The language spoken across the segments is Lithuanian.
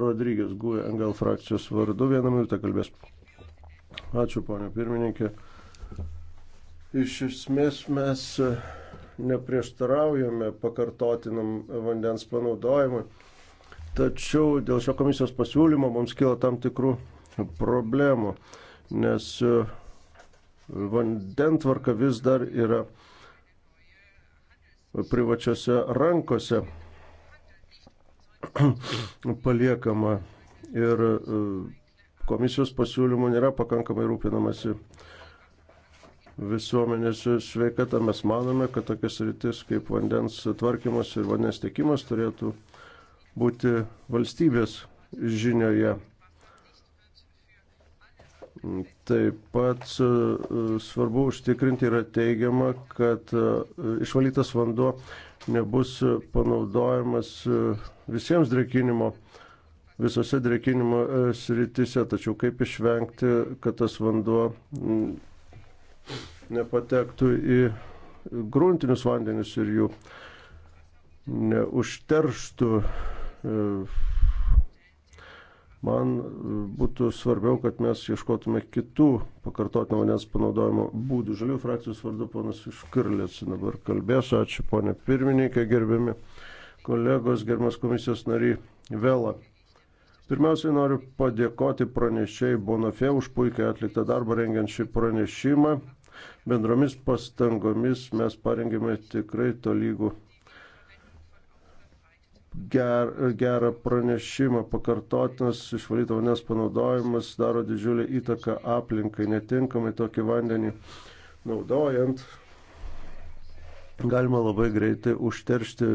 Rodrygės Gūja NGL frakcijos vardu. Vieną minutę kalbės. Ačiū, ponė pirmininkė. Iš esmės mes e, neprieštaraujame pakartotinam vandens panaudojimui, tačiau dėl šio komisijos pasiūlymo mums kilo tam tikrų problemų, nes e, vandentvarka vis dar yra privačiose rankose paliekama ir e, komisijos pasiūlymų nėra pakankamai rūpinamasi visuomenės sveikata. Mes manome, kad tokias rytis kaip vandens tvarkymas ir vandens tiekimas turėtų būti valstybės žinioje. Taip pat e, e, svarbu užtikrinti yra teigiama, kad išvalytas vanduo nebus panaudojamas visiems drekinimo, visose drekinimo e, sritise, tačiau kaip išvengti, kad tas vanduo nepatektų į gruntinius vandenis ir jų neužterštų e, Man e, būtų svarbiau, kad mes ieškotume kitų pakartotinio vandens panaudojimo būdų. Žalių frakcijos vardu ponas Iškirlės dabar kalbės. Ačiū ponė pirmininkė, gerbiami kolegos, gerbiamas komisijos nariai Vela. Pirmiausiai noriu padėkoti pranešėjai Bonafė už puikiai atliktą darbą rengiant šį pranešimą. Bendromis pastangomis mes parengėme tikrai tolygų ger, gerą pranešimą. Pakartotinas išvalyto vandens panaudojimas daro didžiulį įtaką aplinkai. Netinkamai tokį vandenį naudojant galima labai greitai užteršti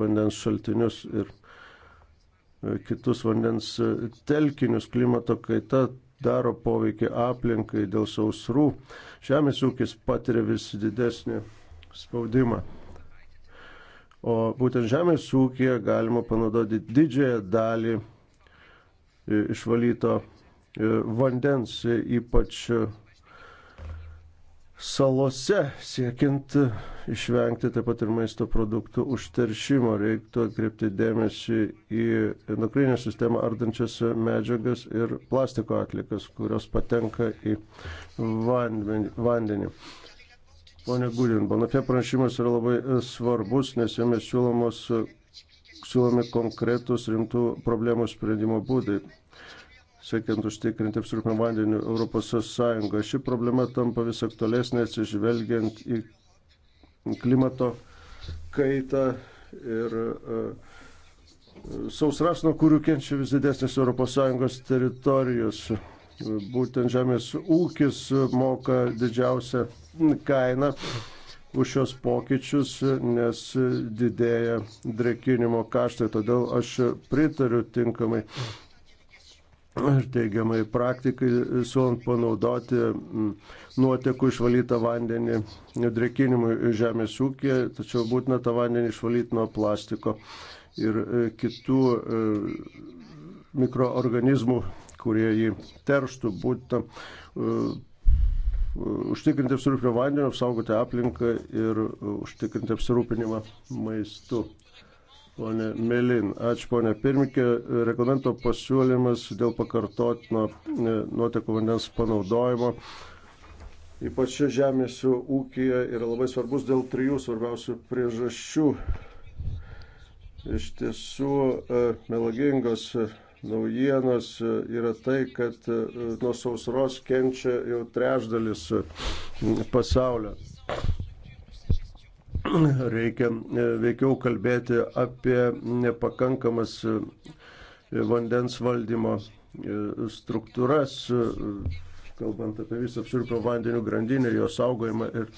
vandens šaltinius ir e, kitus vandens e, telkinius. Klimato kaita daro poveikį aplinkai dėl sausrų. Žemės ūkis patiria vis didesnį spaudimą. O būtent žemės ūkija galima panaudoti didžiąją dalį e, išvalyto e, vandens, ypač e, salose, siekiant išvengti taip pat ir maisto produktų užteršimo, reiktų atkreipti dėmesį į endokrininę sistemą ardančias medžiagas ir plastiko atlikas, kurios patenka į vandenį. Pone Gudin, Bonafė pranešimas yra labai e, svarbus, nes jame siūlomos, e, siūlomi konkretus rimtų problemų sprendimo būdai, siekiant užtikrinti apsirūpinimą vandeniu Europos Sąjungą. Ši problema tampa vis aktualesnė atsižvelgiant į klimato kaitą ir uh, e, sausras, nuo kurių kenčia vis didesnės ES teritorijos. Būtent žemės ūkis moka didžiausią kainą už šios pokyčius, nes didėja drekinimo kaštai. Todėl aš pritariu tinkamai ir teigiamai praktikai, siūlant panaudoti nuotekų išvalytą vandenį drekinimui žemės ūkė, tačiau būtina tą vandenį išvalyti nuo plastiko ir kitų e, mikroorganizmų kurie jį terštų, būtent užtikrinti apsirūpinimą vandeniu, apsaugoti aplinką ir e, užtikrinti apsirūpinimą maistu. Pone Melin, ačiū ponė pirmikė. Reglamento pasiūlymas dėl pakartotino e, nuotekų vandens panaudojimo, ypač žemės ūkija, yra labai svarbus dėl trijų svarbiausių priežasčių. Iš tiesų, e, melagingos naujienos e, yra tai, kad e, nuo sausros kenčia jau trečdalis e, pasaulio. Reikia veikiau kalbėti apie nepakankamas vandens valdymo struktūras, kalbant apie visą apsirūpio vandenių grandinę, jo saugojimą ir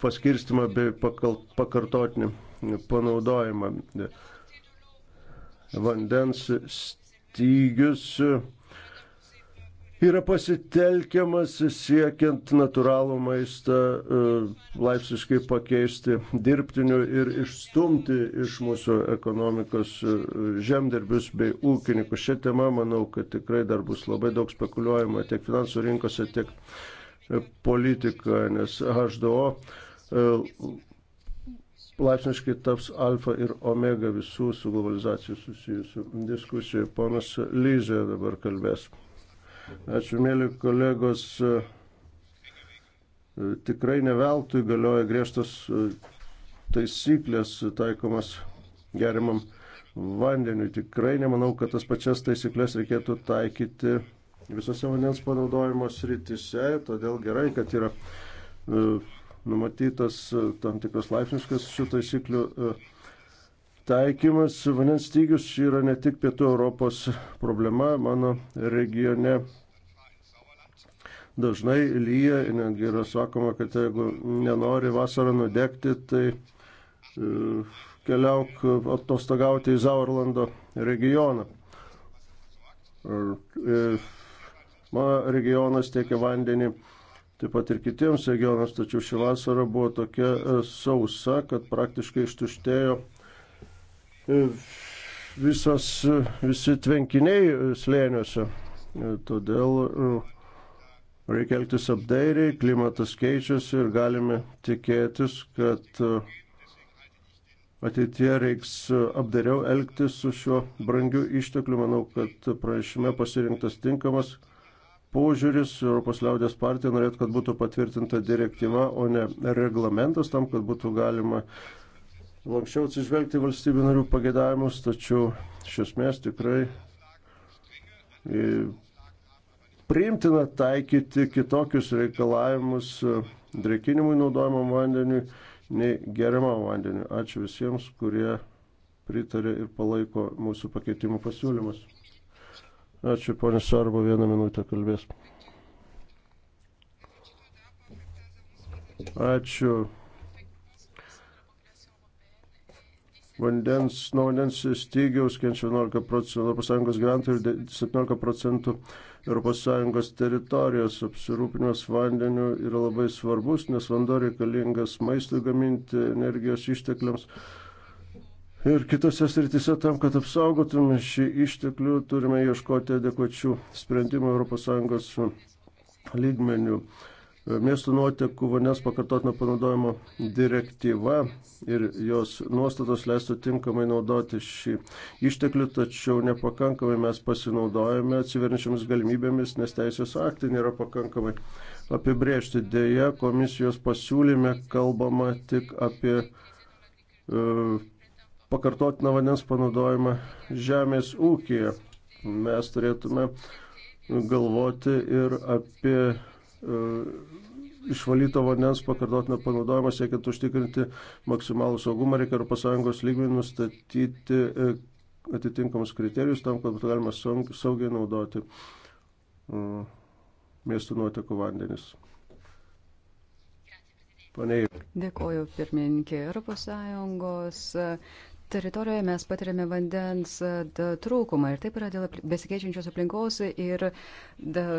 paskirstimą bei pakal, pakartotinį panaudojimą. Vandens stygius yra pasitelkiamas siekiant natūralų maistą e, laipsniškai pakeisti dirbtiniu ir išstumti iš mūsų ekonomikos e, žemdirbius bei ūkininkus. Šią temą manau, kad tikrai dar bus labai daug spekuliuojama tiek finansų rinkose, tiek e, politikoje, nes HDO laipsniškai taps alfa ir omega visų su globalizacija susijusių diskusijų. Ponas Lyzė dabar kalbės. Ačiū, mėly kolegos. Tikrai neveltui galioja griežtas taisyklės taikomas gerimam vandeniu. Tikrai nemanau, kad tas pačias taisyklės reikėtų taikyti visose vandens panaudojimo srityse, todėl gerai, kad yra e, numatytas e, tam tikras laipsniškas šių taisyklių e, taikymas. Vandens stygius yra ne tik Pietų Europos problema, mano regione dažnai lyja, netgi yra sakoma, kad jeigu nenori vasarą nudegti, tai e, keliauk atostogauti į Zaurlando regioną. Mano regionas tiekia vandenį taip pat ir kitiems regionams, tačiau ši vasara buvo tokia e, sausa, kad praktiškai ištuštėjo e, visas, e, visi tvenkiniai slėniuose. Todėl reikia elgtis apdairiai, klimatas keičiasi ir galime tikėtis, kad ateitie reiks apdairiau elgtis su šiuo brangiu ištekliu. Manau, kad prašyme pasirinktas tinkamas požiūris. Europos liaudės partija norėtų, kad būtų patvirtinta direktyva, o ne reglamentas tam, kad būtų galima lankščiau atsižvelgti valstybių narių pagėdavimus, tačiau iš esmės tikrai e, priimtina taikyti kitokius reikalavimus e, drekinimui naudojamam vandeniui nei geriamam vandeniui. Ačiū visiems, kurie pritarė ir palaiko mūsų pakeitimų pasiūlymus. Ačiū, ponė Sarbo, vieną minutę kalbės. Ačiū. Vandens, nuo vandens stygiaus kenčia 11 procentų ES gyventojų ir 17 procentų ES teritorijos apsirūpinimas vandeniu yra labai svarbus, nes vanduo reikalingas maistui gaminti, energijos ištekliams ir kitose sritise tam, kad apsaugotume šį išteklių, turime ieškoti adekvačių sprendimų ES lygmenių. Miestų nuotekų vandens pakartotinio panaudojimo direktyva ir jos nuostatos leistų tinkamai naudoti šį išteklių, tačiau nepakankamai mes pasinaudojame atsiverinčiamis galimybėmis, nes teisės aktai nėra pakankamai apibriežti. Deja, komisijos pasiūlyme kalbama tik apie uh, pakartotiną vandens panaudojimą žemės ūkyje. Mes turėtume galvoti ir apie e, išvalyto vandens pakartotinio panaudojimo siekiant užtikrinti maksimalų saugumą, reikia Europos Sąjungos lygmenį nustatyti e, atitinkamus kriterijus tam, kad būtų galima saugiai naudoti e, miestų nuotekų vandenis. Panei. Dėkoju, pirmininkė Europos Sąjungos teritorijoje mes patiriame vandens e, trūkumą ir taip yra dėl besikeičiančios aplinkos ir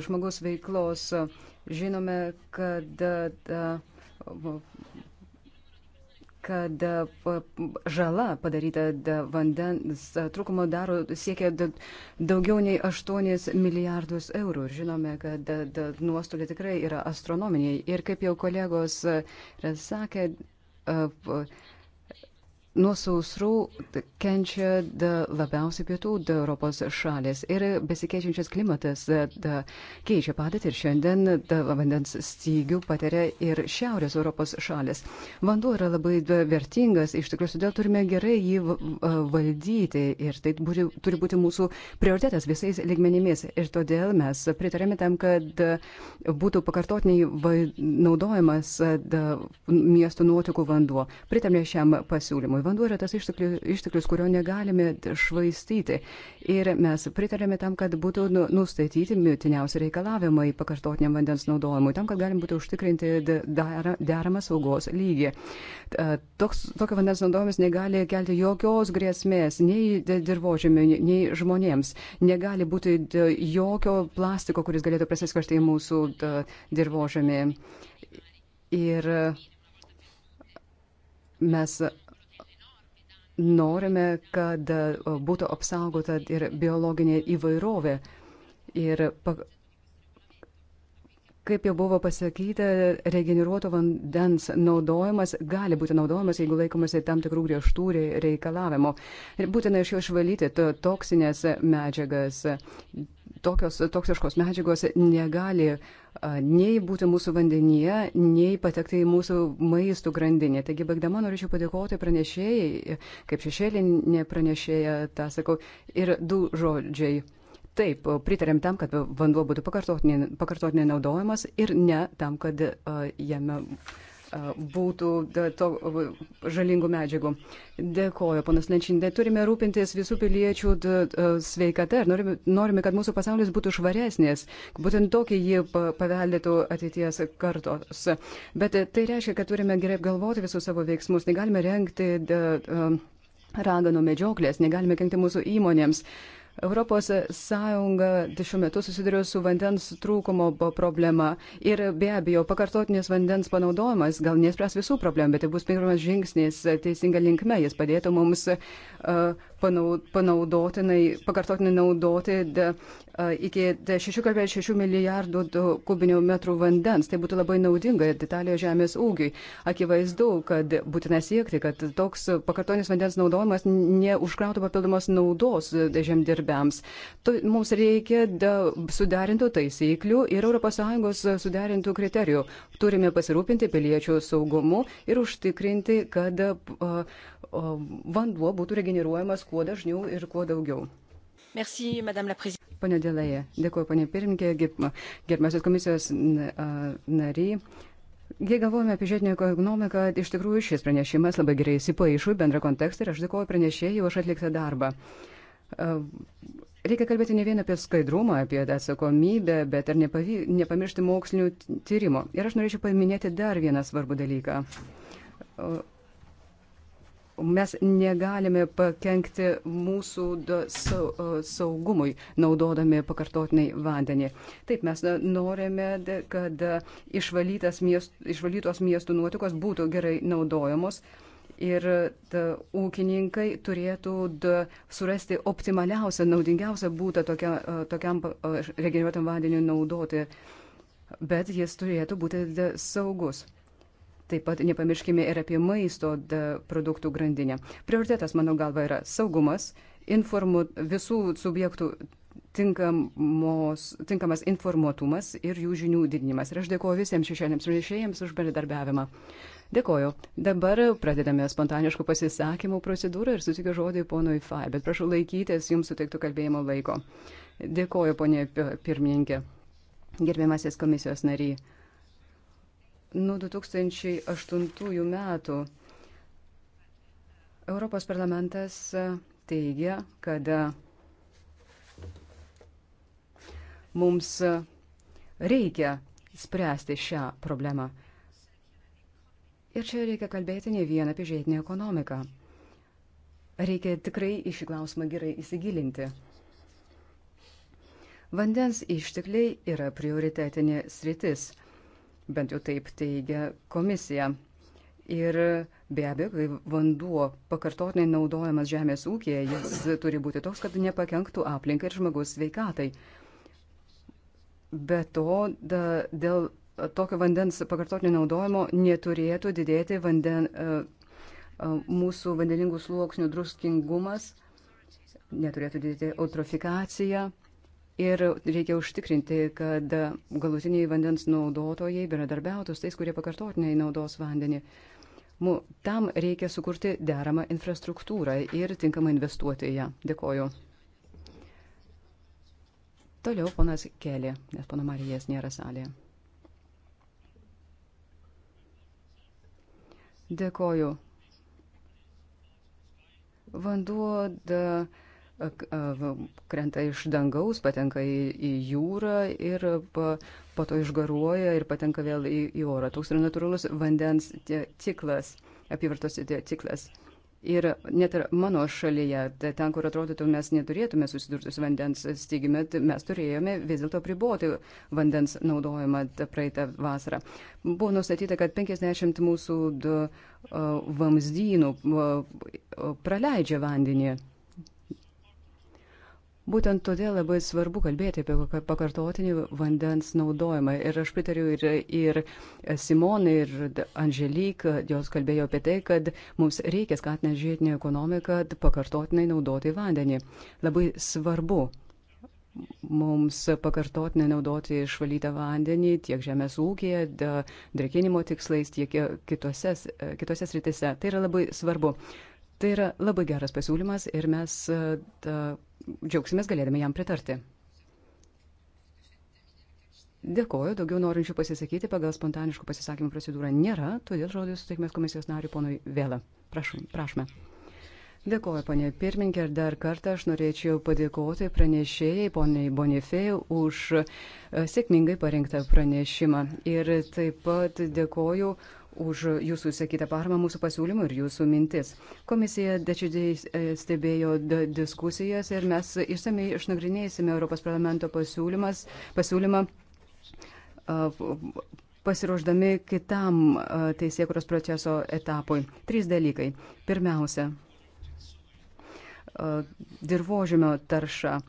žmogus veiklos. Žinome, kad, e, kad e, žala padaryta vandens trūkumo daro siekia daugiau nei 8 milijardus eurų. Žinome, kad nuostoliai tikrai yra astronominiai ir kaip jau kolegos sakė, Nuo sausrų kenčia da, labiausiai pietų da, Europos šalis ir besikeičiančias klimatas da, keičia padėtį ir šiandien da, vandens stygių patiria ir šiaurės Europos šalis. Vanduo yra labai da, vertingas, iš tikrųjų, todėl turime gerai jį valdyti ir tai būri, turi būti mūsų prioritetas visais ligmenimis. Ir todėl mes pritarėme tam, kad būtų pakartotiniai naudojamas da, miestų nuotikų vanduo. Pritarėme šiam pasiūlymui. Vanduo yra tas išteklius, išteklius kurio negalime švaistyti. Ir mes pritarėme tam, kad būtų nu, nustatyti mitiniausi reikalavimai pakartotiniam vandens naudojimui, tam, kad galim būtų užtikrinti deramą saugos lygį. Toks, tokio vandens naudojimas negali kelti jokios grėsmės nei dirbožėmiui, nei žmonėms. Negali būti jokio plastiko, kuris galėtų prasiskvarti į mūsų dirbožėmį. Ir mes norime, kad e, būtų apsaugota ir biologinė įvairovė. Ir Kaip jau buvo pasakyta, regeneruoto vandens naudojimas gali būti naudojamas, jeigu laikomasi tam tikrų griežtų reikalavimų. Būtina iš jo išvalyti toksinės medžiagas. Tokios toksiškos medžiagos negali nei būti mūsų vandenyje, nei patekti į mūsų maistų grandinę. Taigi, baigdama, norėčiau padėkoti pranešėjai, kaip šešėlinė pranešėja, tą sakau, ir du žodžiai Taip, pritarėm tam, kad vanduo būtų pakartotinė, pakartotinė naudojimas ir ne tam, kad uh, jame uh, būtų da, to uh, žalingų medžiagų. Dėkoju, ponas Lenčindė. Turime rūpintis visų piliečių da, uh, sveikata ir norime, norime, kad mūsų pasaulis būtų švaresnės. Būtent tokį jį paveldėtų ateities kartos. Bet tai reiškia, kad turime gerai apgalvoti visus savo veiksmus. Negalime renkti da, uh, raganų medžioklės, negalime kenkti mūsų įmonėms. Uh, Europos Sąjunga šiuo metu susiduria su vandens trūkumo problema ir be abejo pakartotinės vandens panaudojimas gal nespręs visų problemų, bet tai bus pirmas žingsnis teisinga linkme, jis padėtų mums uh, panaudotinai, pakartotinai naudoti E, iki 6,6 milijardų kubinių metrų vandens. Tai būtų labai naudinga Italijos žemės ūkiui. Akivaizdu, kad būtina siekti, kad toks pakartonis vandens naudojimas neužkrautų papildomos naudos žemdirbiams. Tu, mums reikia sudarintų taisyklių ir ES sudarintų kriterijų. Turime pasirūpinti piliečių saugumu ir užtikrinti, kad e, vanduo būtų regeneruojamas kuo dažniau ir kuo daugiau. Merci, Madame la Présidente. Pane Dėlėje, dėkuoju, pane pirmininkė, gerbiamasis komisijos nariai. Jei galvojame apie žiedinę ekonomiką, tai iš tikrųjų šis pranešimas labai gerai įsipaišo į bendrą kontekstą ir aš dėkoju pranešėjai už atliktą darbą. Reikia kalbėti ne vien apie skaidrumą, apie atsakomybę, bet ir nepavy, nepamiršti mokslinių tyrimų. Ir aš norėčiau paminėti dar vieną svarbų dalyką mes negalime pakengti mūsų saugumui, naudodami pakartotinai vandenį. Taip, mes norime, kad miest, išvalytos miestų nuotikos būtų gerai naudojamos. Ir ta, ūkininkai turėtų da, surasti optimaliausią, naudingiausią būdą tokia, tokiam regeneruotam vandeniu naudoti, bet jis turėtų būti da, saugus. Taip pat nepamirškime ir apie maisto produktų grandinę. Prioritetas, mano galva, yra saugumas, informu, visų subjektų tinkamos, tinkamas informuotumas ir jų žinių didinimas. Ir aš dėkoju visiems šešėliams pranešėjams už bendradarbiavimą. Dėkoju. Dabar pradedame spontaniškų pasisakymų procedūrą ir sutikiu žodį ponui Fai, bet prašau laikytis jums suteiktų kalbėjimo laiko. Dėkoju, ponė pirmininkė, gerbiamasis komisijos nariai nuo 2008 metų Europos parlamentas teigia, kad mums reikia spręsti šią problemą. Ir čia reikia kalbėti ne vien apie žiedinę ekonomiką. Reikia tikrai į šį klausimą gerai įsigilinti. Vandens ištekliai yra prioritetinė sritis bent jau taip teigia komisija. Ir be abejo, kai vanduo pakartotinai naudojamas žemės ūkėje, jis turi būti toks, kad nepakenktų aplinkai ir žmogus sveikatai. Be to, da, dėl tokio vandens pakartotinio naudojimo neturėtų didėti vanden, e, e, mūsų vandeningų sluoksnių druskingumas, neturėtų didėti eutrofikacija. Ir reikia užtikrinti, kad galutiniai vandens naudotojai bendradarbiautų su tais, kurie pakartotinai naudos vandenį. Tam reikia sukurti deramą infrastruktūrą ir tinkamai investuoti į ją. Dėkoju. Toliau ponas Kelė, nes pono Marijas nėra salėje. Dėkoju. Vanduo da, de krenta iš dangaus, patenka į, į jūrą ir po to išgaruoja ir patenka vėl į, į orą. Toks yra natūralus vandens ciklas, apyvartos ciklas. Ir net ir mano šalyje, tai ten, kur atrodytų, mes neturėtume susidurti su vandens stygime, tai mes turėjome vis dėlto priboti vandens naudojimą praeitą vasarą. Buvo nustatyta, kad 50 mūsų vamzdynų praleidžia vandenį. Būtent todėl labai svarbu kalbėti apie pakartotinį vandens naudojimą. Ir aš pritariu ir, ir Simonai, ir Anželyk, jos kalbėjo apie tai, kad mums reikia skatinti žiedinį ekonomiką pakartotinai naudoti vandenį. Labai svarbu mums pakartotinai naudoti išvalytą vandenį tiek žemės ūkėje, drekinimo tikslais, tiek kitose, kitose sritise. Tai yra labai svarbu. Tai yra labai geras pasiūlymas ir mes e, ta, džiaugsimės galėdami jam pritarti. Dėkoju, daugiau norinčių pasisakyti pagal spontaniškų pasisakymų procedūrą nėra, todėl žodį suteikime komisijos nariui ponui Vėlą. Prašom, prašome. Dėkoju, ponė pirmininkė, ir dar kartą aš norėčiau padėkoti pranešėjai, poniai Bonifei, už e, sėkmingai parengtą pranešimą. Ir taip pat dėkoju už jūsų išsakytą paramą mūsų pasiūlymų ir jūsų mintis. Komisija dečidžiai e, stebėjo diskusijas ir mes išsamei išnagrinėsime Europos parlamento pasiūlymą pasiruošdami kitam teisėkuros proceso etapui. Trys dalykai. Pirmiausia, dirbožėmio tarša.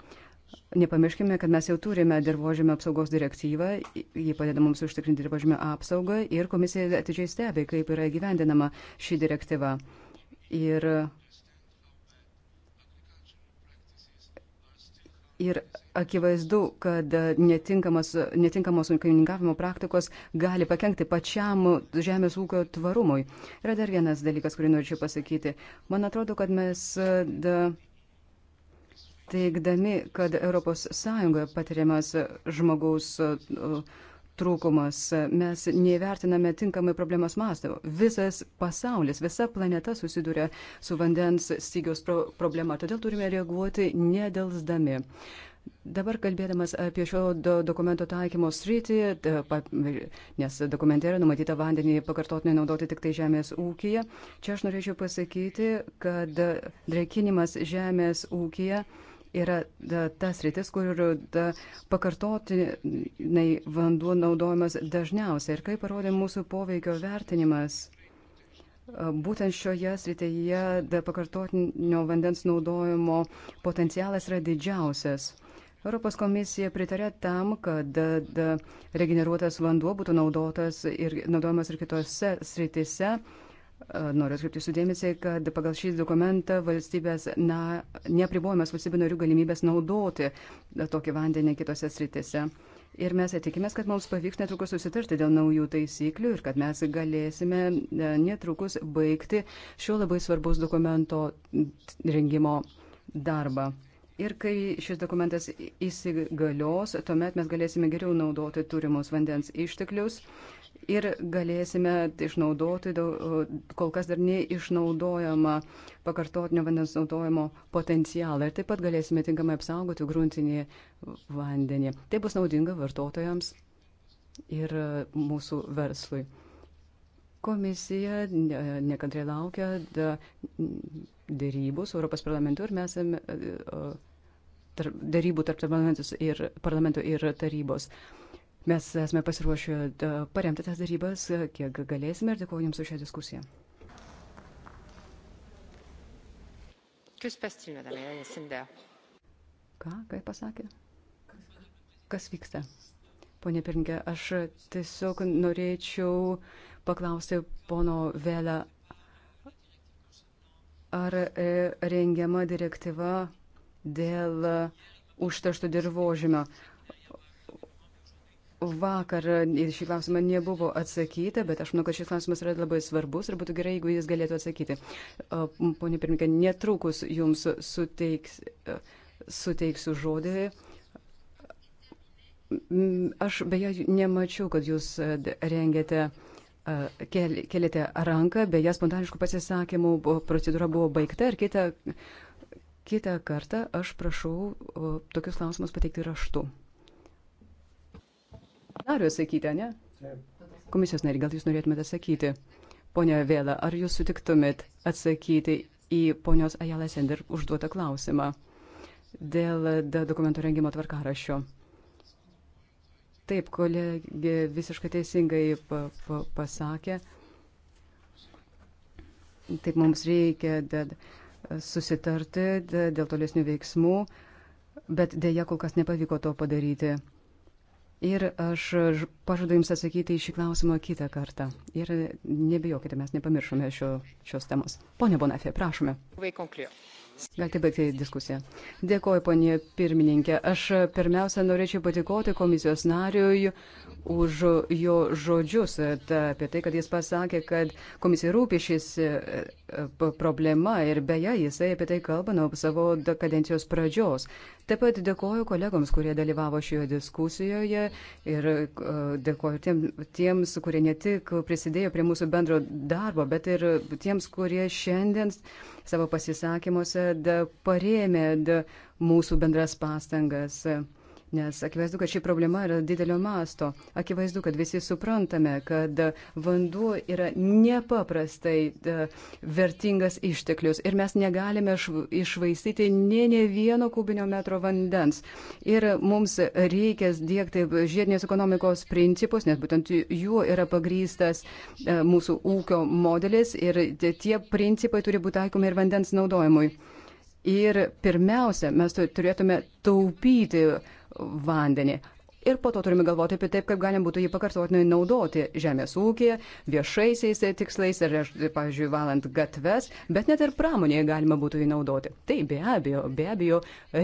Nepamirškime, kad mes jau turime dirbožėmio apsaugos direktyvą, jį padeda mums užtikrinti dirbožėmio apsaugą ir komisija atidžiai stebi, kaip yra gyvendinama ši direktyva. Ir, ir akivaizdu, kad netinkamos ūkininkavimo praktikos gali pakengti pačiam žemės ūkio tvarumui. Yra dar vienas dalykas, kurį norėčiau pasakyti. Man atrodo, kad mes. Da, teigdami, kad ES patiriamas žmogaus e, trūkumas, mes nevertiname tinkamai problemos masto. Visas pasaulis, visa planeta susiduria su vandens stygios pro problema, todėl turime reaguoti nedelsdami. Dabar kalbėdamas apie šio do dokumento taikymo sritį, nes dokumente yra numatyta vandenį pakartotinai naudoti tik tai žemės ūkija, čia aš norėčiau pasakyti, kad e, drekinimas žemės ūkija yra tas rytis, kur pakartotinai vanduo naudojamas dažniausiai. Ir kaip parodė mūsų poveikio vertinimas, Būtent šioje srityje pakartotinio vandens naudojimo potencialas yra didžiausias. Europos komisija pritarė tam, kad regeneruotas vanduo būtų naudotas ir naudojamas ir kitose srityse, Noriu atkreipti sudėmesį, kad pagal šį dokumentą valstybės, na, neapribojamas valstybių narių galimybės naudoti tokį vandenį kitose sritise. Ir mes tikimės, kad mums pavyks netrukus susitarti dėl naujų taisyklių ir kad mes galėsime e, netrukus baigti šio labai svarbus dokumento rengimo darbą. Ir kai šis dokumentas įsigalios, tuomet mes galėsime geriau naudoti turimus vandens išteklius ir galėsime išnaudoti kol kas dar neišnaudojama pakartotinio vandens naudojimo potencialą ir taip pat galėsime tinkamai apsaugoti gruntinį vandenį. Tai bus naudinga vartotojams ir mūsų verslui. Komisija nekantrai laukia dėrybų su Europos parlamentu ir mes darybų e, e, tarp parlamento ir, parlamento ir tarybos. Mes esame pasiruošę e, paremti tas darybas, kiek galėsime ir dėkoju Jums už šią diskusiją. Ką, kai pasakė? Kas vyksta? Pone Pirinkė, aš tiesiog norėčiau paklausti pono Vėlę, ar e, rengiama direktyva dėl užtaštų dirbožymio vakar šį klausimą nebuvo atsakyta, bet aš manau, kad šis klausimas yra labai svarbus ir būtų gerai, jeigu jis galėtų atsakyti. Pone pirmininkė, netrukus jums suteiks, suteiksiu žodį. Aš beje nemačiau, kad jūs rengėte, kelėte ranką, beje, spontaniškų pasisakymų procedūra buvo baigta ir kitą, kitą kartą aš prašau tokius klausimus pateikti raštu nario sakyti, ne? Komisijos nariai, gal jūs norėtumėte sakyti? Pone Vėla, ar jūs sutiktumėt atsakyti į ponios Ajalą Sender užduotą klausimą dėl dokumento rengimo tvarkarašio? Taip, kolegė visiškai teisingai pa, pa, pasakė. Taip mums reikia dėl, susitarti dėl tolesnių veiksmų, bet dėja kol kas nepavyko to padaryti. Ir aš pažadu Jums atsakyti į šį klausimą kitą kartą. Ir nebijokite, mes nepamiršome šio, šios temos. Pone Bonafė, prašome. Galite baigti diskusiją. Dėkoju, ponė pirmininkė. Aš pirmiausia norėčiau patikoti komisijos nariui už jo žodžius apie tai, kad jis pasakė, kad komisija rūpi šis e, e, problema ir beje jisai apie tai kalba nuo savo kadencijos pradžios. Taip pat dėkoju kolegoms, kurie dalyvavo šioje diskusijoje ir e, dėkoju tiem, tiems, kurie ne tik prisidėjo prie mūsų bendro darbo, bet ir tiems, kurie šiandien savo pasisakymuose parėmė mūsų bendras pastangas nes akivaizdu, kad ši problema yra didelio masto. Akivaizdu, kad visi suprantame, kad vanduo yra nepaprastai e, vertingas išteklius ir mes negalime išvaistyti ne ne vieno kubinio metro vandens. Ir mums reikia dėkti žiedinės ekonomikos principus, nes būtent juo yra pagrystas e, mūsų ūkio modelis ir tie principai turi būti taikomi ir vandens naudojimui. Ir pirmiausia, mes turėtume taupyti uh, vandenį. Ir po to turime galvoti apie taip, kaip galima būtų jį pakartotinai naudoti žemės ūkėje, viešaisiais tikslais ir, pavyzdžiui, valant gatves, bet net ir pramonėje galima būtų jį naudoti. Tai be abejo, be abejo,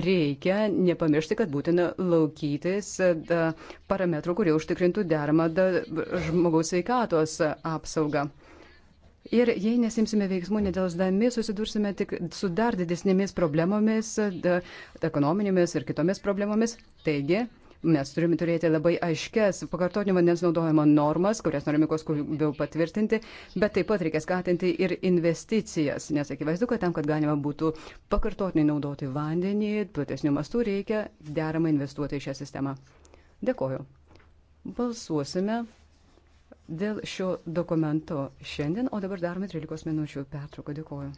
reikia nepamiršti, kad būtina laukytis da, parametrų, kurie užtikrintų deramą žmogaus veikatos apsaugą. Ir jei nesimsime veiksmų nedelsdami, susidursime tik su dar didesnėmis problemomis, da, ekonominėmis ir kitomis problemomis. Taigi, mes turime turėti labai aiškes pakartotinio vandens naudojimo normas, kurias norime kuo skubiau patvirtinti, bet taip pat reikia skatinti ir investicijas, nes akivaizdu, kad tam, kad galima būtų pakartotinai naudoti vandenį, platesnių mastų reikia deramai investuoti į šią sistemą. Dėkoju. Balsuosime dėl šio dokumento šiandien, o dabar darome 13 minučių pertrauką. Dėkuoju.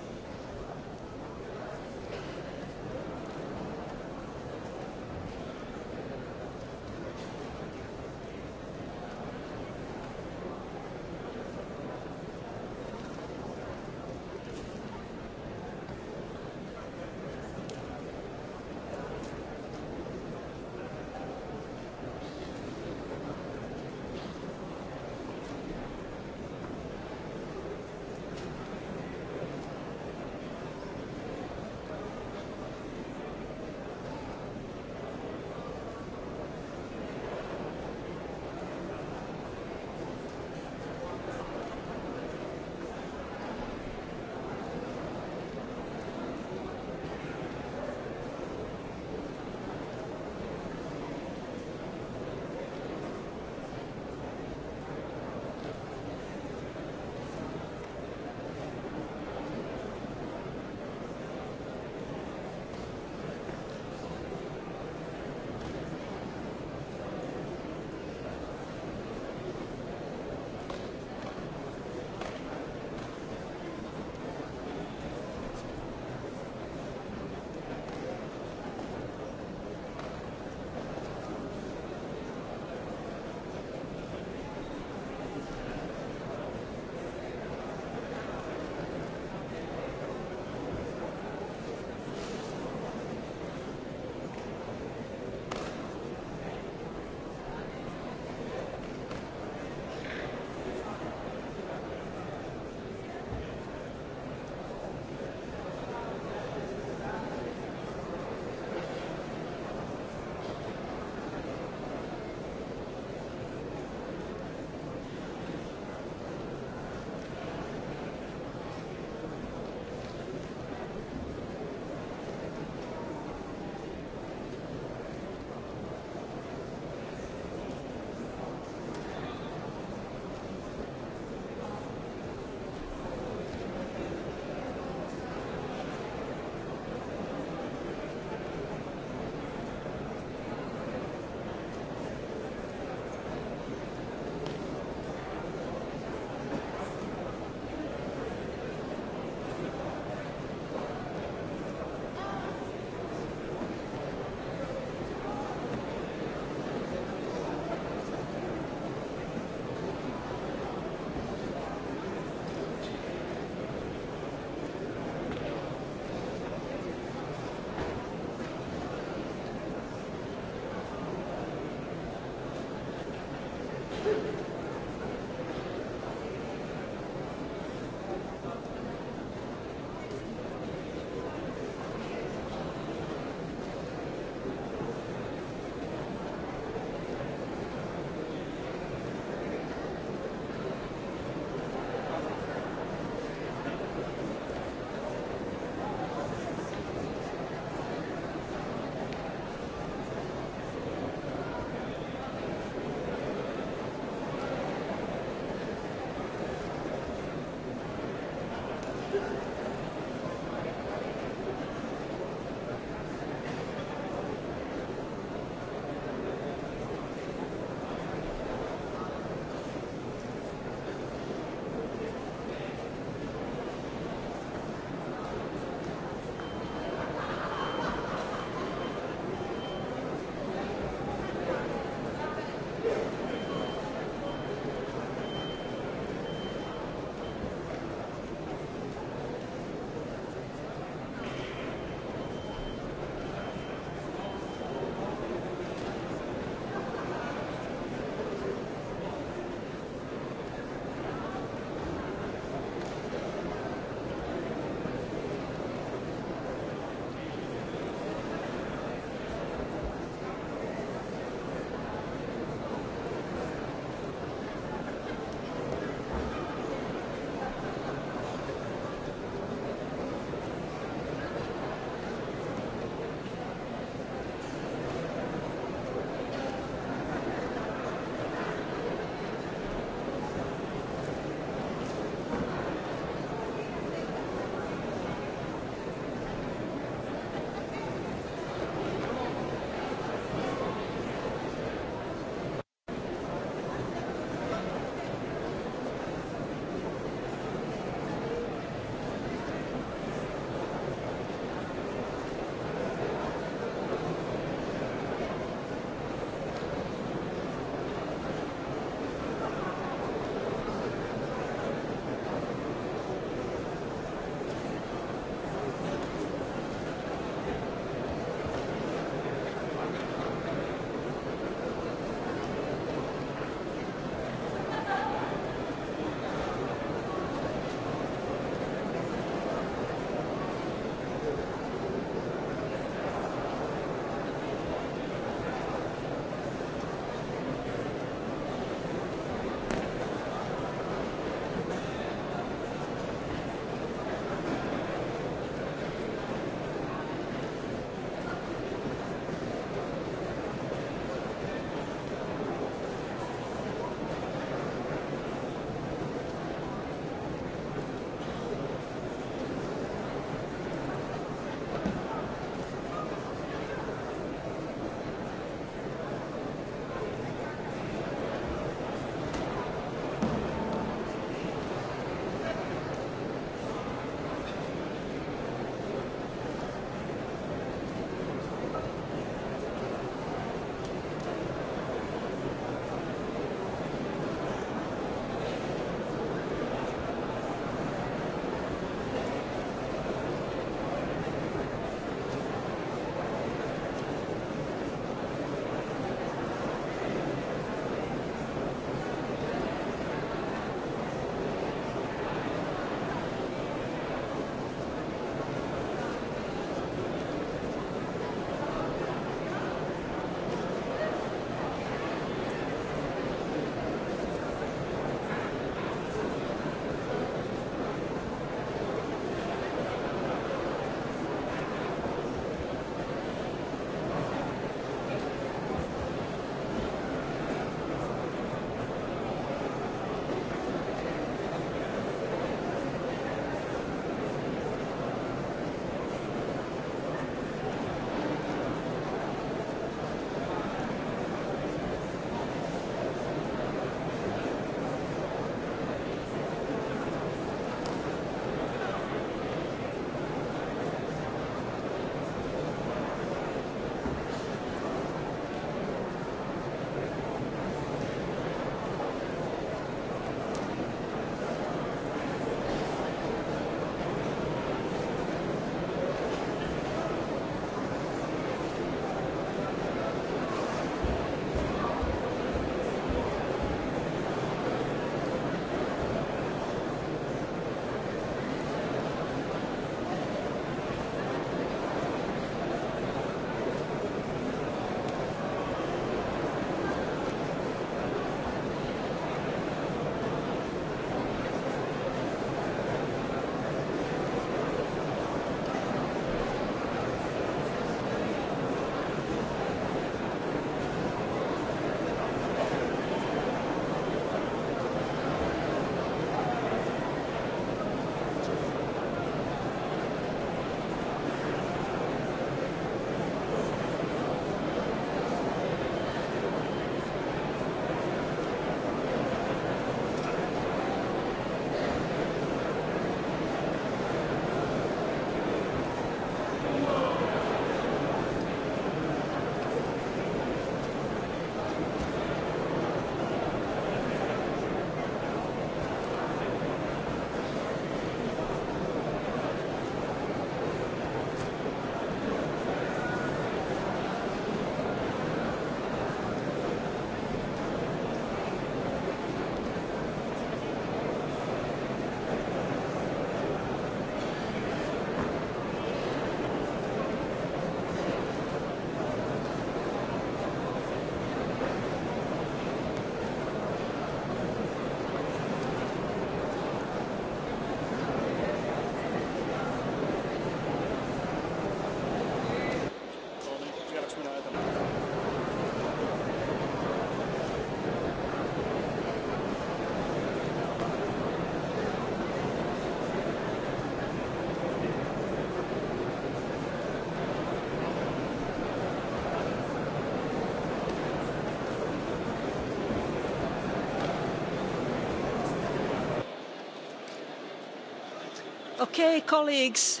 Okay, colleagues,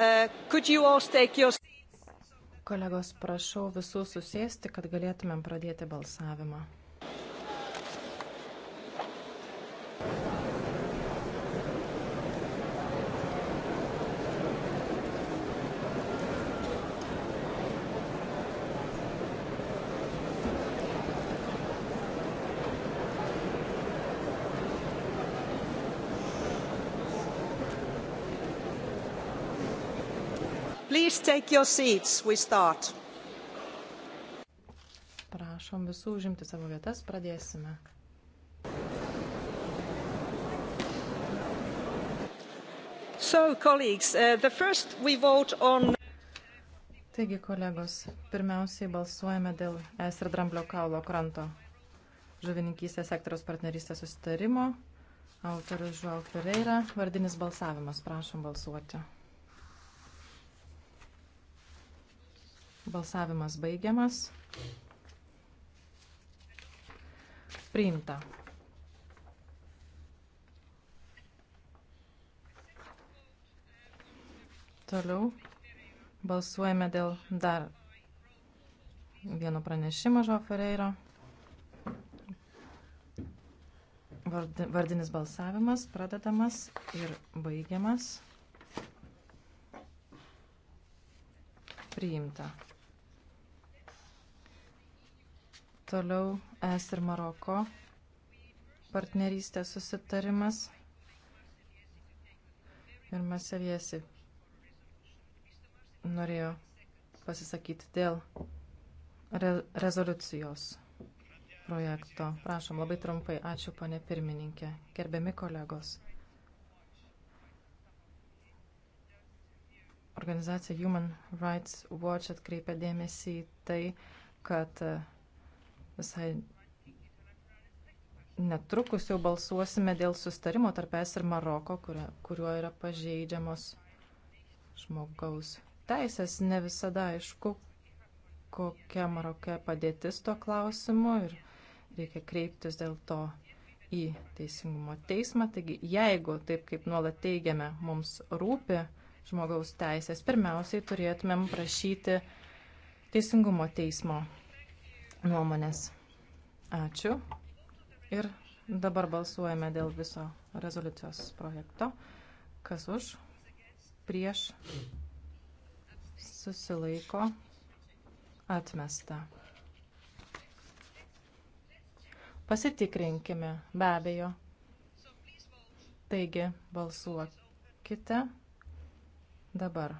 uh, could you all take your... Kolegos, prašau visų susėsti, kad galėtumėm pradėti balsavimą. take your seats. We start. Prašom visų užimti savo vietas, pradėsime. So, colleagues, uh, the first we vote on. Taigi, kolegos, pirmiausiai balsuojame dėl Es ir Dramblio kaulo kranto žuvininkystės sektoriaus partnerystės susitarimo. Autorius Žual Ferreira, vardinis balsavimas, prašom balsuoti. Balsavimas baigiamas. Priimta. Toliau balsuojame dėl dar vieno pranešimo Žo Ferreiro. Vardinis balsavimas pradedamas ir baigiamas. Priimta. Toliau es ir Maroko partnerystės susitarimas ir Maseviesi norėjo pasisakyti dėl re rezoliucijos projekto. Prašom, labai trumpai. Ačiū, ponė pirmininkė. Gerbiami kolegos. Organizacija Human Rights Watch atkreipia dėmesį į tai, kad uh, Visai netrukus jau balsuosime dėl sustarimo tarp es ir Maroko, kurio, kuriuo yra pažeidžiamos žmogaus teisės. Ne visada aišku, kokia Maroke padėtis tuo klausimu ir reikia kreiptis dėl to į Teisingumo teismą. Taigi, jeigu taip kaip nuolat teigiame, mums rūpi žmogaus teisės, pirmiausiai turėtumėm prašyti Teisingumo teismo nuomonės. Ačiū. Ir dabar balsuojame dėl viso rezoliucijos projekto. Kas už? Prieš? Susilaiko? Atmesta. Pasitikrinkime, be abejo. Taigi, balsuokite dabar.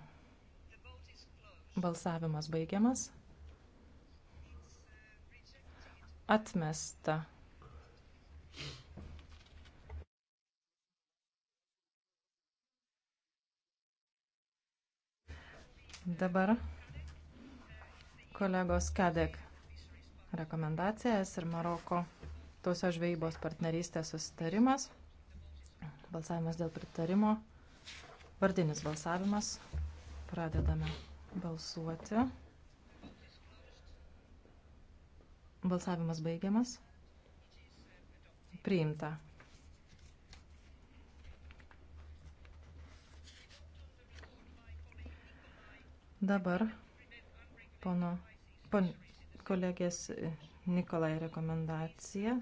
Balsavimas baigiamas. Atmesta. Dabar kolegos Kadek rekomendacijas ir Maroko tausios žvejybos partnerystės susitarimas. Balsavimas dėl pritarimo. Vardinis balsavimas. Pradedame balsuoti. Balsavimas baigiamas. Priimta. Dabar pono, pon, kolegės Nikolai rekomendacija.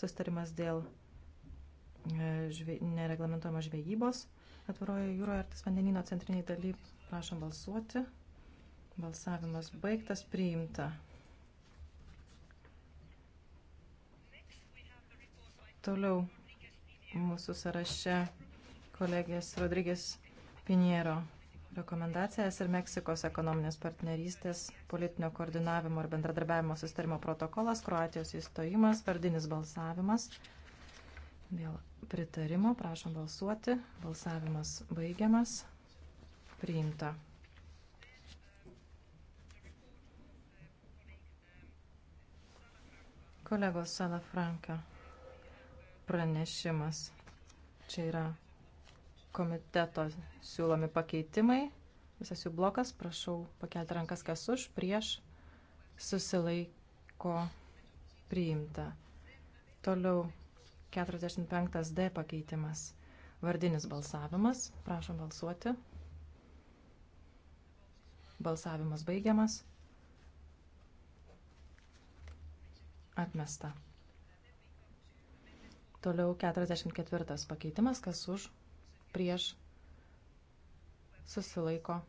Sustarimas dėl e, žvė, nereglamentojamos žvejybos atviroje jūroje Arktis vandenino centriniai daly. Prašom balsuoti. Balsavimas baigtas, priimta. Toliau mūsų sąraše kolegės Rodrygės Piniero rekomendacijas ir Meksikos ekonominės partnerystės, politinio koordinavimo ir bendradarbiavimo sustarimo protokolas, Kroatijos įstojimas, vardinis balsavimas. Dėl pritarimo prašom balsuoti. Balsavimas baigiamas. Priimta. Kolegos Salafranka pranešimas. Čia yra komiteto siūlomi pakeitimai. Visas jų blokas, prašau pakelti rankas, kas už, prieš, susilaiko priimta. Toliau 45D pakeitimas. Vardinis balsavimas. Prašom balsuoti. Balsavimas baigiamas. Atmesta. Toliau 44 pakeitimas, kas už, prieš, susilaiko,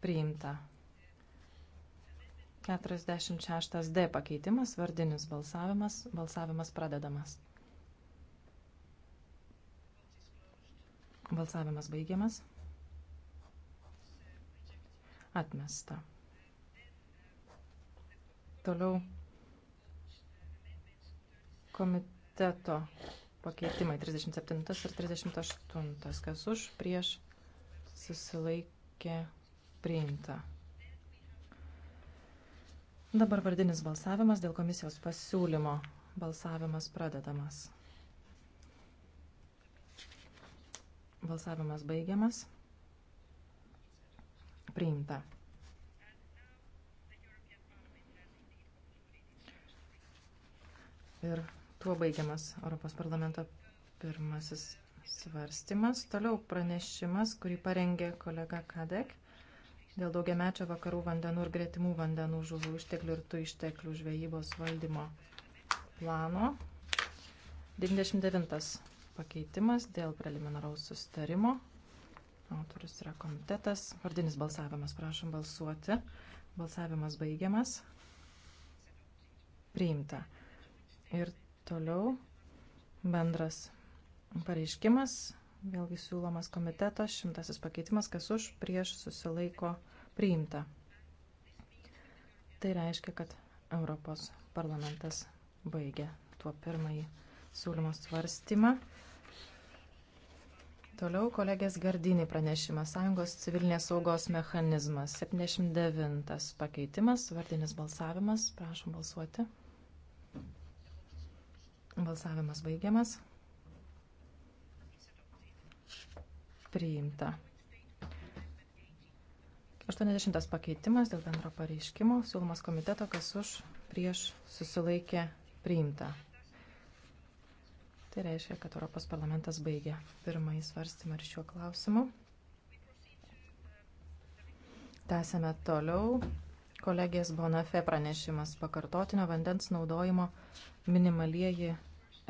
priimta. 46 D pakeitimas, vardinis balsavimas, balsavimas pradedamas. Balsavimas baigiamas. Atmesta. Toliau komitė komiteto pakeitimai 37 ir 38. Kas už, prieš, susilaikė, priimta. Dabar vardinis balsavimas dėl komisijos pasiūlymo. Balsavimas pradedamas. Balsavimas baigiamas. Priimta. Ir Tuo baigiamas Europos parlamento pirmasis svarstymas. Toliau pranešimas, kurį parengė kolega Kadek dėl daugiamečio vakarų vandenų ir gretimų vandenų žuvų išteklių ir tų išteklių žvejybos valdymo plano. 99 pakeitimas dėl preliminaraus sustarimo. Autorius yra komitetas. Vardinis balsavimas, prašom balsuoti. Balsavimas baigiamas. Priimta. Ir Toliau bendras pareiškimas, vėlgi siūlomas komitetas, šimtasis pakeitimas, kas už, prieš susilaiko priimta. Tai reiškia, kad Europos parlamentas baigė tuo pirmąjį siūlymo svarstymą. Toliau kolegės Gardinį pranešimas Sąjungos civilinės saugos mechanizmas 79 pakeitimas, vardinis balsavimas, prašom balsuoti. Balsavimas baigiamas. Priimta. 80 pakeitimas dėl bendro pareiškimo. Siūlomas komiteto, kas už prieš susilaikė priimta. Tai reiškia, kad Europos parlamentas baigė pirmąjį svarstymą ir šiuo klausimu. Tęsėme toliau. Kolegės Bonafė pranešimas pakartotinio vandens naudojimo minimalieji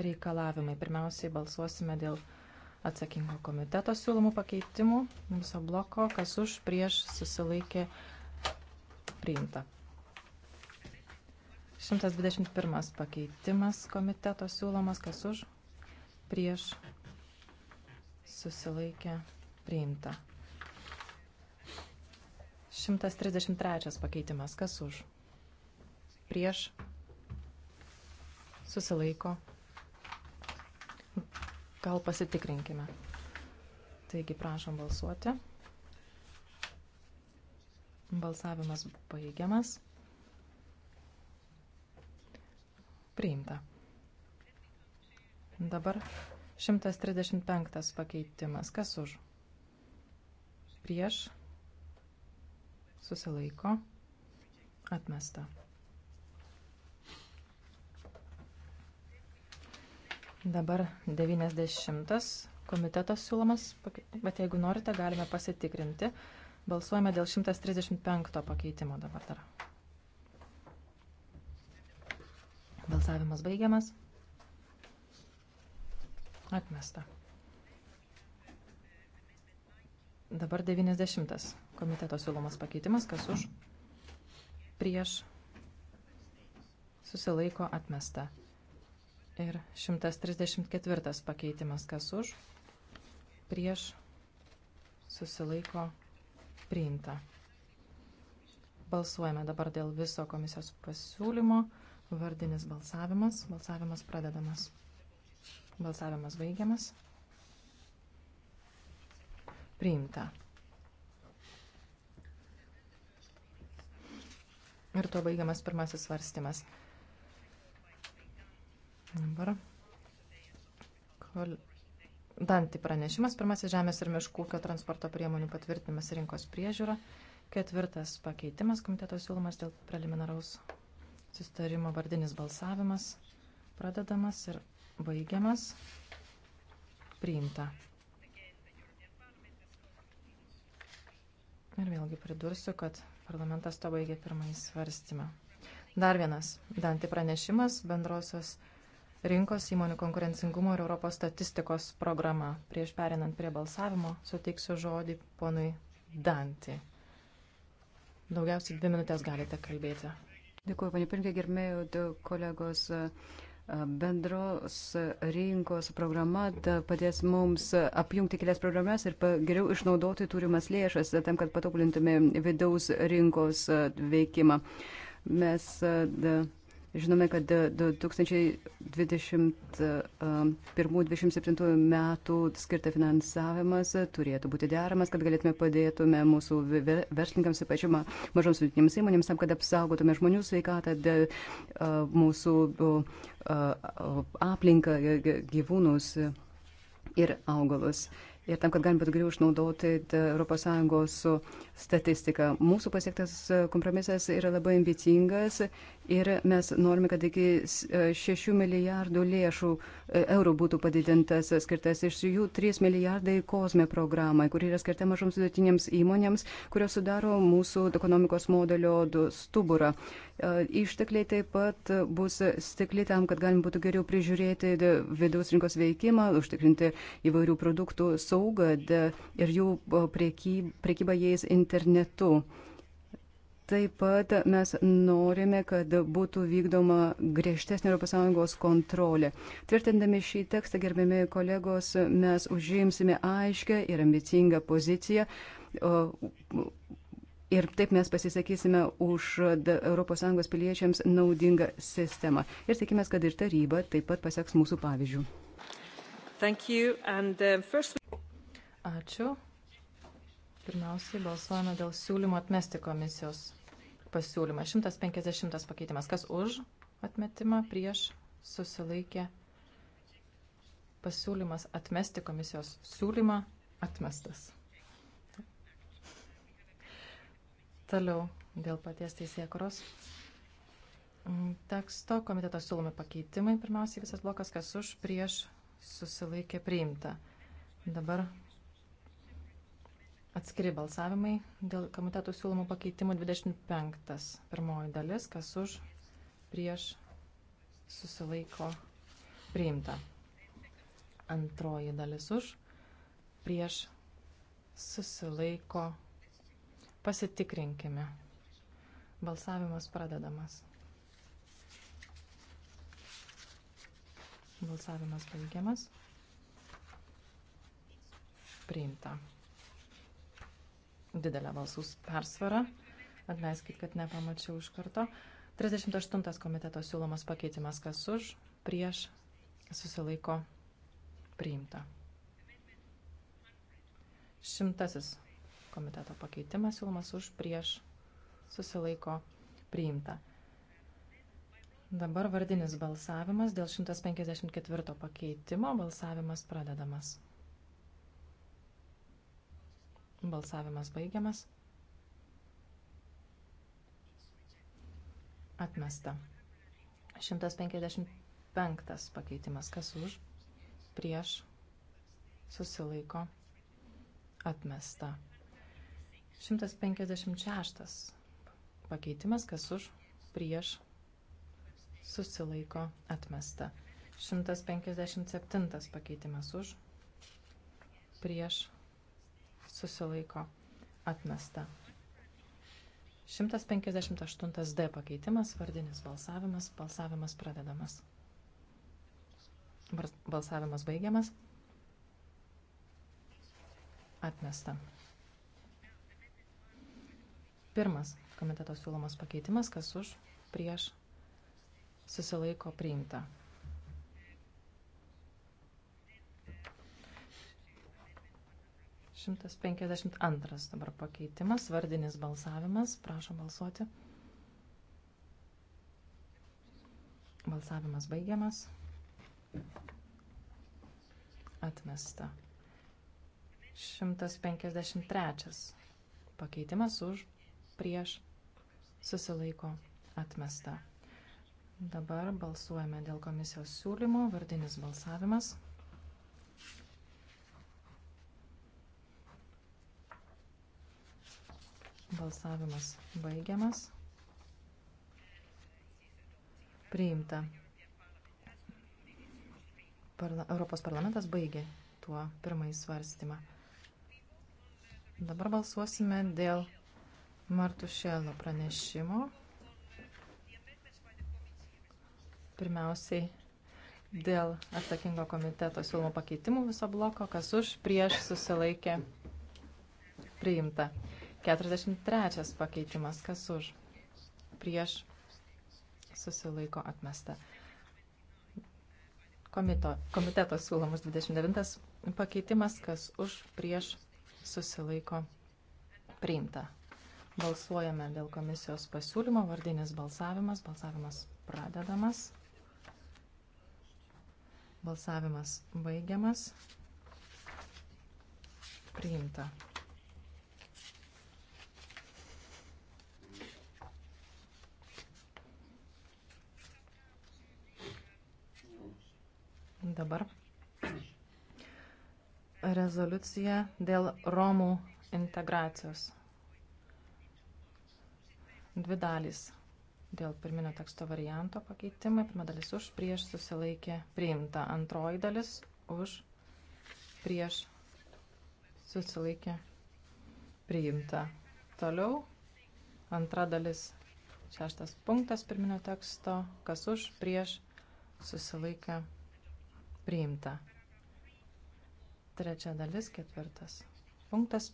reikalavimai. Pirmiausiai balsuosime dėl atsakingo komiteto siūlomų pakeitimų viso bloko, kas už prieš susilaikė priimta. 121 pakeitimas komiteto siūlomas, kas už prieš susilaikė priimta. 133 pakeitimas, kas už prieš susilaiko priimta Gal pasitikrinkime. Taigi prašom balsuoti. Balsavimas baigiamas. Priimta. Dabar 135 pakeitimas. Kas už? Prieš. Susilaiko. Atmesta. Dabar 90 komitetas siūlomas, bet jeigu norite, galime pasitikrinti. Balsuojame dėl 135 pakeitimo dabar dar. Balsavimas baigiamas. Atmesta. Dabar 90 komiteto siūlomas pakeitimas, kas už, prieš, susilaiko atmesta ir 134 pakeitimas, kas už, prieš, susilaiko, priimta. Balsuojame dabar dėl viso komisijos pasiūlymo. Vardinis balsavimas. Balsavimas pradedamas. Balsavimas baigiamas. Priimta. Ir tuo baigiamas pirmasis svarstymas. Dabar. Kol... Dantį pranešimas. Pirmasis žemės ir miškų ūkio transporto priemonių patvirtinimas rinkos priežiūra. Ketvirtas pakeitimas komiteto siūlomas dėl preliminaraus sustarimo vardinis balsavimas. Pradedamas ir baigiamas. Priimta. Ir vėlgi pridursiu, kad parlamentas to baigė pirmąjį svarstymą. Dar vienas Dantį pranešimas bendrosios rinkos įmonių konkurencingumo ir Europos statistikos programa. Prieš perinant prie balsavimo, suteiksiu žodį ponui Dantį. Daugiausiai dvi minutės galite kalbėti. Dėkuoju, panė Pirmke, gerbėjau kolegos. Bendros rinkos programa padės mums apjungti kelias programas ir geriau išnaudoti turimas lėšas tam, kad patobulintume vidaus rinkos veikimą. Mes da, Žinome, kad 2021-2027 um, metų skirta finansavimas turėtų būti deramas, kad galėtume padėtume mūsų verslininkams, ypač mažoms vidutinėms įmonėms, tam, kad apsaugotume žmonių sveikatą, mūsų aplinką, gyvūnus ir augalus. Ir tam, kad galime geriau išnaudoti ES statistiką. Mūsų pasiektas kompromisas yra labai ambicingas Ir mes norime, kad iki 6 e, milijardų lėšų e, eurų būtų padidintas e, skirtas. Iš jų 3 milijardai kosme programai, kuri yra skirta mažoms vidutinėms įmonėms, kurios sudaro mūsų ekonomikos modelio stuburą. Ištekliai taip pat bus stikli tam, kad galim būtų geriau prižiūrėti vidaus rinkos veikimą, užtikrinti įvairių produktų saugą ir jų priekybą jais internetu. Taip pat mes norime, kad būtų vykdoma griežtesnė ES kontrolė. Tvirtindami šį tekstą, gerbiami kolegos, mes užimsime aiškę ir ambicingą poziciją. Ir taip mes pasisakysime už ES piliečiams naudingą sistemą. Ir tikimės, kad ir taryba taip pat paseks mūsų pavyzdžių. And, uh, first... Ačiū. Pirmiausiai balsuojame dėl siūlymo atmesti komisijos pasiūlymas. 150 pakeitimas. Kas už atmetimą prieš susilaikė pasiūlymas atmesti komisijos siūlymą atmestas. Toliau dėl paties teisėkuros. Teksto komiteto siūlomi pakeitimai. Pirmiausiai visas blokas, kas už prieš susilaikė priimta. Dabar Atskiri balsavimai dėl komitetų siūlomų pakeitimų 25. Pirmoji dalis, kas už, prieš, susilaiko, priimta. Antroji dalis už, prieš, susilaiko, pasitikrinkime. Balsavimas pradedamas. Balsavimas baigiamas. Priimta didelę balsų persvarą. Atleiskit, kad nepamačiau iš karto. 38 komiteto siūlomas pakeitimas, kas už, prieš, susilaiko, priimta. Šimtasis komiteto pakeitimas siūlomas už, prieš, susilaiko, priimta. Dabar vardinis balsavimas dėl 154 pakeitimo balsavimas pradedamas. Balsavimas baigiamas. Atmesta. 155 pakeitimas. Kas už? Prieš. Susilaiko. Atmesta. 156 pakeitimas. Kas už? Prieš. Susilaiko. Atmesta. 157 pakeitimas už. Prieš susilaiko atmesta. 158 D pakeitimas, vardinis balsavimas, balsavimas pradedamas. Balsavimas baigiamas. Atmesta. Pirmas komiteto siūlomas pakeitimas, kas už, prieš, susilaiko priimta. 152 dabar pakeitimas, vardinis balsavimas. Prašom balsuoti. Balsavimas baigiamas. Atmesta. 153 pakeitimas už prieš susilaiko atmesta. Dabar balsuojame dėl komisijos siūlymo, vardinis balsavimas. Balsavimas baigiamas. Priimta. Parla Europos parlamentas baigė tuo pirmąjį svarstymą. Dabar balsuosime dėl Martušėlo pranešimo. Pirmiausiai dėl atsakingo komiteto siūlomo pakeitimų viso bloko, kas už, prieš, susilaikė, priimta. 43 pakeitimas. Kas už? Prieš susilaiko atmesta. Komito, komiteto siūlomas 29 pakeitimas. Kas už? Prieš susilaiko priimta. Balsuojame dėl komisijos pasiūlymo. Vardinis balsavimas. Balsavimas pradedamas. Balsavimas baigiamas. Priimta. dabar rezoliucija dėl Romų integracijos. Dvi dalys dėl pirminio teksto varianto pakeitimai. Pirma dalis už, prieš susilaikė priimta. Antroji dalis už, prieš susilaikė priimta. Toliau antra dalis šeštas punktas pirminio teksto, kas už, prieš susilaikė priimta priimta. Trečia dalis, ketvirtas punktas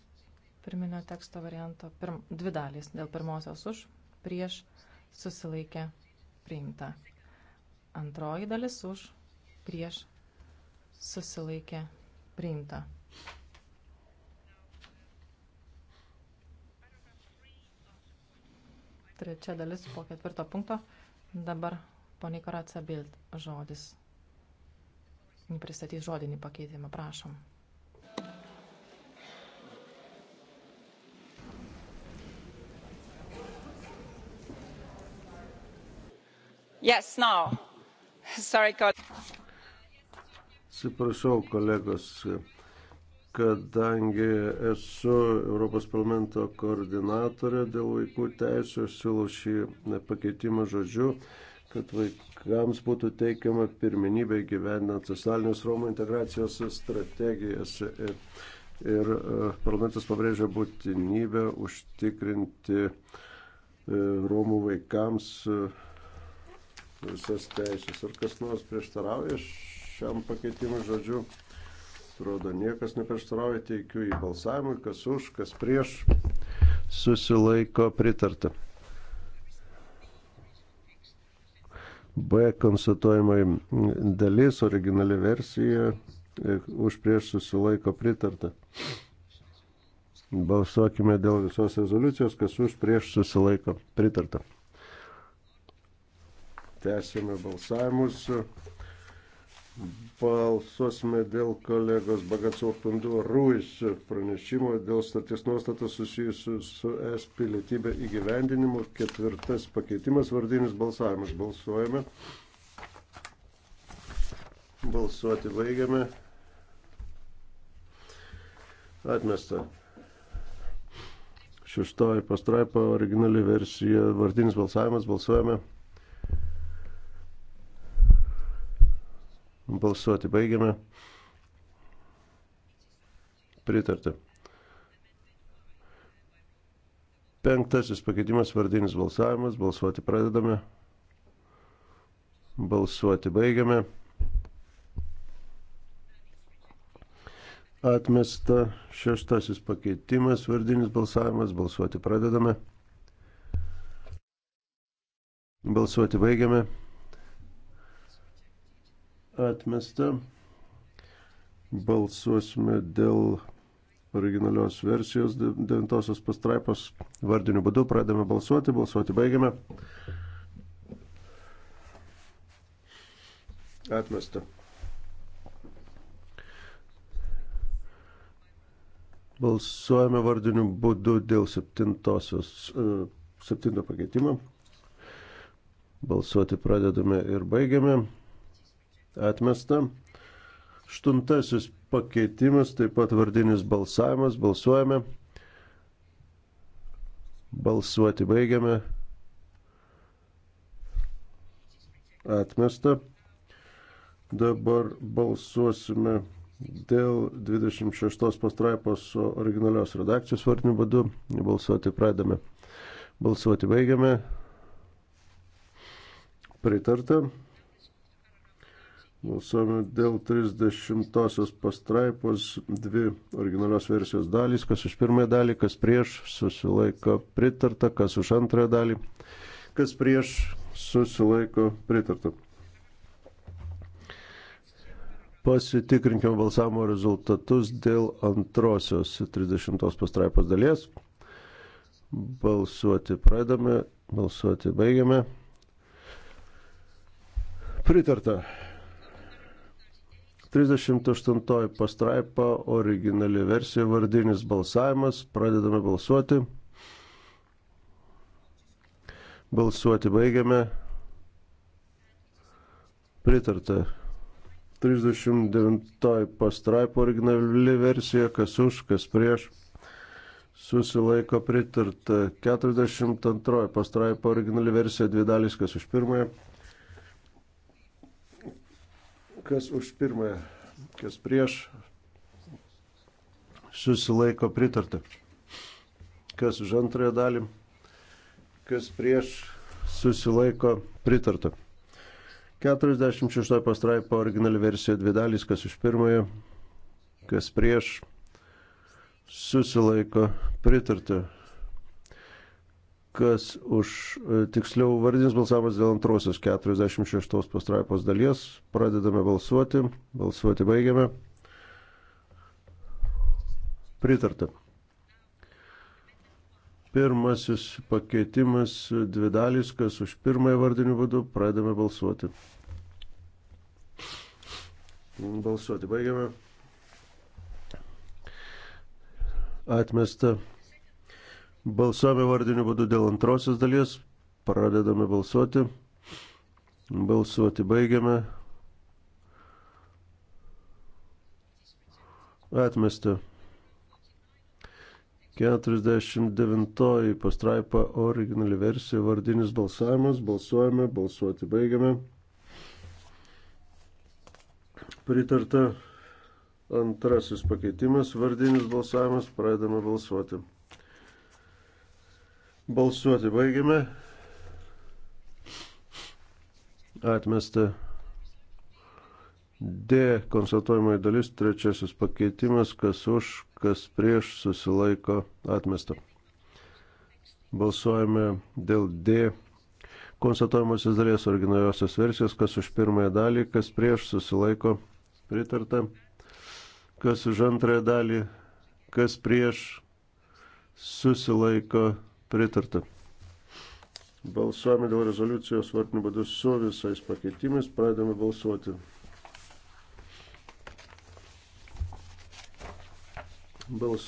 pirminio teksto varianto, pirm, dvi dalys, dėl pirmosios už, prieš, susilaikė, priimta. Antroji dalis už, prieš, susilaikė, priimta. Trečia dalis po ketvirto punkto, dabar poniai Koracija Bild žodis pristatys žodinį pakeitimą. Prašom. Yes, now. Sorry, Atsiprašau, kolegos, kadangi esu Europos parlamento koordinatorė dėl vaikų teisų, aš siūlau šį pakeitimą žodžiu, kad vaikų kams būtų teikiama pirminybė gyvenant socialinius Romų integracijos strategijas. Ir, ir e, parlamentas pabrėžia būtinybę užtikrinti e, Romų vaikams e, visas teisės. Ar kas nors prieštarauja šiam pakeitimui žodžiu? Atrodo, niekas neprieštarauja, teikiu į balsavimą, kas už, kas prieš, susilaiko pritarta. B konstatuojamai dalis, originali versija, e, už prieš susilaiko pritarta. Balsuokime dėl visos rezoliucijos, kas už prieš susilaiko pritarta. Tęsime balsavimus. Balsuosime dėl kolegos Bagaco Pandu Ruiz pranešimo dėl staties nuostatų susijusių su es pilietybė įgyvendinimu. Ketvirtas pakeitimas, vardinis balsavimas. Balsuojame. Balsuoti baigiame. Atmesta. Šeštoji pastraipa, originali versija, vardinis balsavimas. Balsuojame. Balsuoti baigiame. Pritarta. Penktasis pakeitimas vardinis balsavimas. Balsuoti pradedame. Balsuoti baigiame. Atmesta šeštasis pakeitimas vardinis balsavimas. Balsuoti pradedame. Balsuoti baigiame atmesta. Balsuosime dėl originalios versijos devintosios pastraipos vardiniu būdu. Pradame balsuoti, balsuoti baigiame. Atmesta. Balsuojame vardiniu būdu dėl septintosios, e, septinto pakeitimo. Balsuoti pradedame ir baigiame atmesta. Aštuntasis pakeitimas, taip pat vardinis balsavimas, balsuojame. Balsuoti baigiame. Atmesta. Dabar balsuosime dėl 26 pastraipos originalios redakcijos vardinių būdų. Balsuoti pradame. Balsuoti baigiame. Pritarta. Balsuojame dėl 30 pastraipos dvi originalios versijos dalys, kas už pirmąją dalį, kas prieš, susilaiko pritarta, kas už antrąją dalį, kas prieš, susilaiko pritarta. Pasitikrinkime balsavimo rezultatus dėl antrosios 30 pastraipos dalies. Balsuoti pradame, balsuoti baigiame. Pritarta. 38 pastraipa, originali versija, vardinis balsavimas. Pradedame balsuoti. Balsuoti baigiame. Pritarta. 39 pastraipa originali versija, kas už, kas prieš, susilaiko pritarta. 42 pastraipa originali versija, dvi dalys, kas už pirmąją, kas už pirmąją, kas prieš, susilaiko pritarta. Kas už antrąją dalį, kas prieš, susilaiko pritarta. 46 pastraipo originali versija dvi dalys, kas už pirmąją, kas prieš, susilaiko pritarta kas už, e, tiksliau, vardinis balsavimas dėl antrosios 46 pastraipos dalies. Pradedame balsuoti. Balsuoti baigiame. Pritarta. Pirmasis pakeitimas dvi dalys, kas už pirmąją vardinių būdų. Pradedame balsuoti. Balsuoti baigiame. Atmesta. Balsuojame vardiniu būdu dėl antrosios dalies. Pradedame balsuoti. Balsuoti baigiame. Atmesta. 49 pastraipa originali versija vardinis balsavimas. Balsuojame, balsuoti baigiame. Pritarta antrasis pakeitimas, vardinis balsavimas, pradedame balsuoti. Balsuoti baigiame. Atmesta. D konstatuojamoji dalis, trečiasis pakeitimas, kas už, kas prieš susilaiko atmesta. Balsuojame dėl D konstatuojamosios dalies originaliosios versijos, kas už pirmąją dalį, kas prieš susilaiko pritarta, kas už antrąją dalį, kas prieš susilaiko pritarta pritarta. Balsuojame dėl rezoliucijos vartinių būdų su visais pakeitimais. Pradedame balsuoti. Balsuojame.